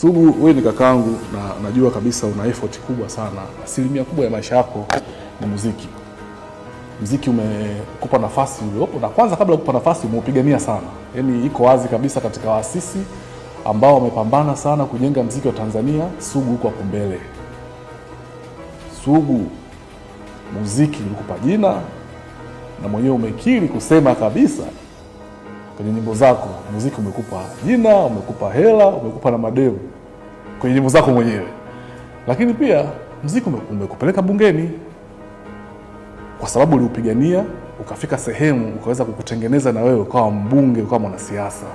Sugu, wewe ni kakaangu na najua kabisa una effort kubwa sana. Asilimia kubwa ya maisha yako ni muziki. Muziki umekupa nafasi uliopo, na kwanza kabla kukupa nafasi umeupigania sana, yaani iko wazi kabisa katika waasisi ambao wamepambana sana kujenga muziki wa Tanzania, Sugu huko hapo mbele. Sugu, muziki ulikupa jina na mwenyewe umekiri kusema kabisa kwenye nyimbo zako, muziki umekupa jina, umekupa hela, umekupa na mademu kwenye nyimbo zako mwenyewe, lakini pia mziki umekupeleka bungeni kwa sababu uliupigania ukafika sehemu ukaweza kukutengeneza na wewe ukawa mbunge ukawa mwanasiasa.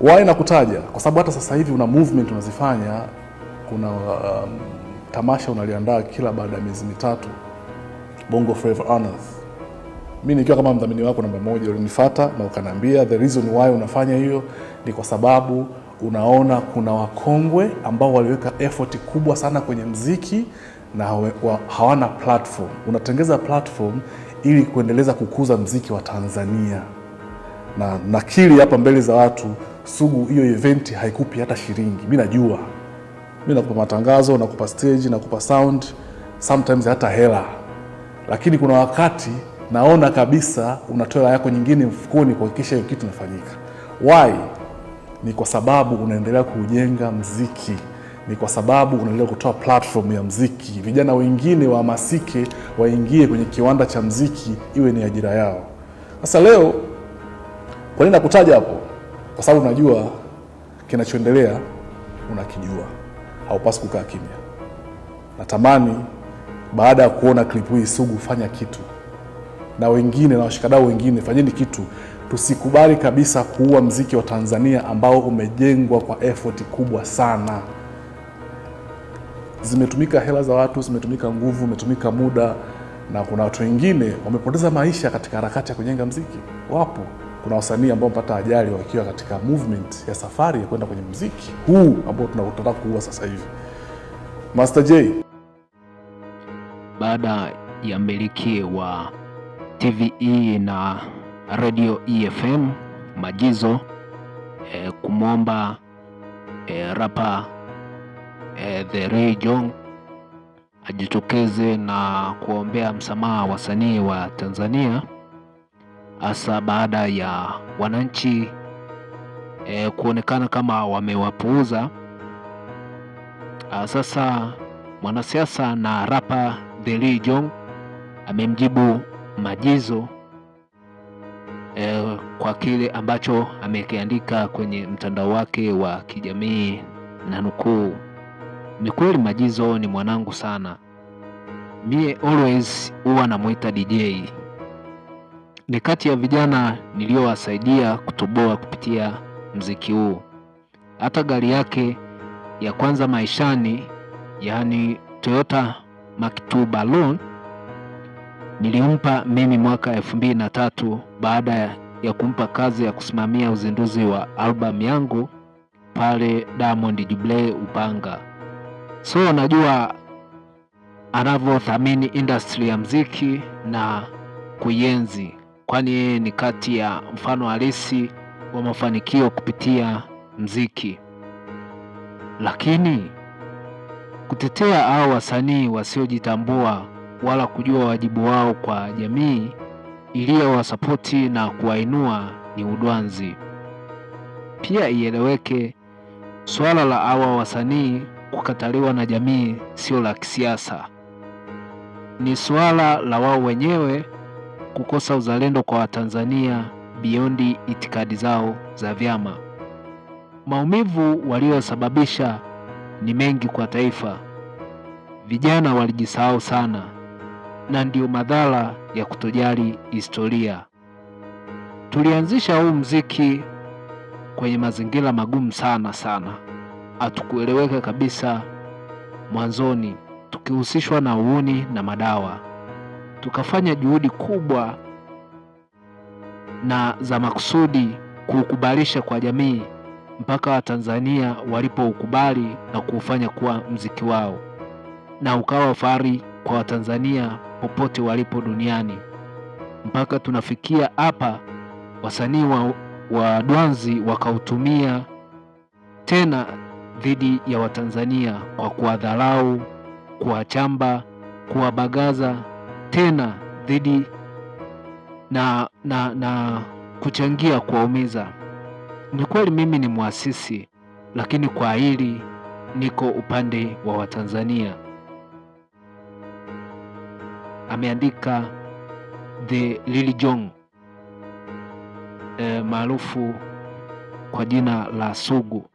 Wae nakutaja kwa sababu hata sasa hivi una movement unazifanya. Kuna um, tamasha unaliandaa kila baada ya miezi mitatu, Bongo Flava Honors. Mimi nikiwa kama mdhamini wako namba moja, ulinifuata na ukaniambia the reason why unafanya hiyo ni kwa sababu unaona kuna wakongwe ambao waliweka efoti kubwa sana kwenye mziki na hawana platform. Unatengeza platform ili kuendeleza kukuza mziki wa Tanzania, na nakili hapa mbele za watu, Sugu, hiyo eventi haikupi hata shilingi. Mi najua, mi nakupa matangazo, nakupa stage, nakupa sound, sometimes hata hela, lakini kuna wakati naona kabisa unatoa hela yako nyingine mfukoni kuhakikisha hiyo kitu inafanyika. Why? ni kwa sababu unaendelea kujenga mziki, ni kwa sababu unaendelea kutoa platform ya mziki, vijana wengine wahamasike, waingie kwenye kiwanda cha mziki, iwe ni ajira yao. Sasa leo, kwa nini nakutaja hapo? Kwa sababu unajua kinachoendelea, unakijua, haupasi kukaa kimya. Natamani baada ya kuona klipu hii, Sugu, fanya kitu na wengine na washikadau wengine, fanyeni kitu tusikubali kabisa kuua mziki wa Tanzania ambao umejengwa kwa effort kubwa sana. Zimetumika hela za watu, zimetumika nguvu, umetumika muda, na kuna watu wengine wamepoteza maisha katika harakati ya kujenga mziki. Wapo, kuna wasanii ambao wamepata ajali wakiwa katika movement ya safari ya kwenda kwenye mziki huu ambao tunataka kuua sasa hivi. Master J, baada ya mmiliki wa TVE na Radio EFM Majizo e, eh, kumwomba e, rapa e, The Ray Jong ajitokeze na kuombea msamaha wasanii wa Tanzania hasa baada ya wananchi e, kuonekana kama wamewapuuza. Ah, sasa mwanasiasa na rapa The Jong amemjibu Majizo eh, kwa kile ambacho amekiandika kwenye mtandao wake wa kijamii na nukuu, ni kweli Majizo ni mwanangu sana, mie always huwa namwita DJ. Ni kati ya vijana niliyowasaidia kutoboa kupitia mziki huu. Hata gari yake ya kwanza maishani, yaani Toyota Mark II Balloon Nilimpa mimi mwaka elfu mbili na tatu baada ya kumpa kazi ya kusimamia uzinduzi wa albamu yangu pale Diamond Jubilee Upanga. So najua anavyothamini industry ya mziki na kuienzi, kwani yeye ni kati ya mfano halisi wa mafanikio kupitia mziki. Lakini kutetea au wasanii wasiojitambua wala kujua wajibu wao kwa jamii iliyowasapoti na kuwainua ni udwanzi. Pia ieleweke, suala la awa wasanii kukataliwa na jamii sio la kisiasa, ni suala la wao wenyewe kukosa uzalendo kwa Watanzania biondi itikadi zao za vyama. Maumivu waliyosababisha ni mengi kwa taifa. Vijana walijisahau sana na ndiyo madhara ya kutojali historia. Tulianzisha huu mziki kwenye mazingira magumu sana sana, hatukueleweka kabisa mwanzoni, tukihusishwa na uhuni na madawa. Tukafanya juhudi kubwa na za makusudi kuukubalisha kwa jamii mpaka Watanzania walipoukubali na kuufanya kuwa mziki wao na ukawa fahari kwa Watanzania popote walipo duniani. Mpaka tunafikia hapa, wasanii wa, wa Dwanzi wakautumia tena dhidi ya Watanzania kwa kuwadharau, kuwachamba, kuwabagaza tena dhidi na, na, na kuchangia kuwaumiza. Ni kweli mimi ni mwasisi, lakini kwa hili niko upande wa Watanzania ameandika The Lily Jong e, maarufu kwa jina la Sugu.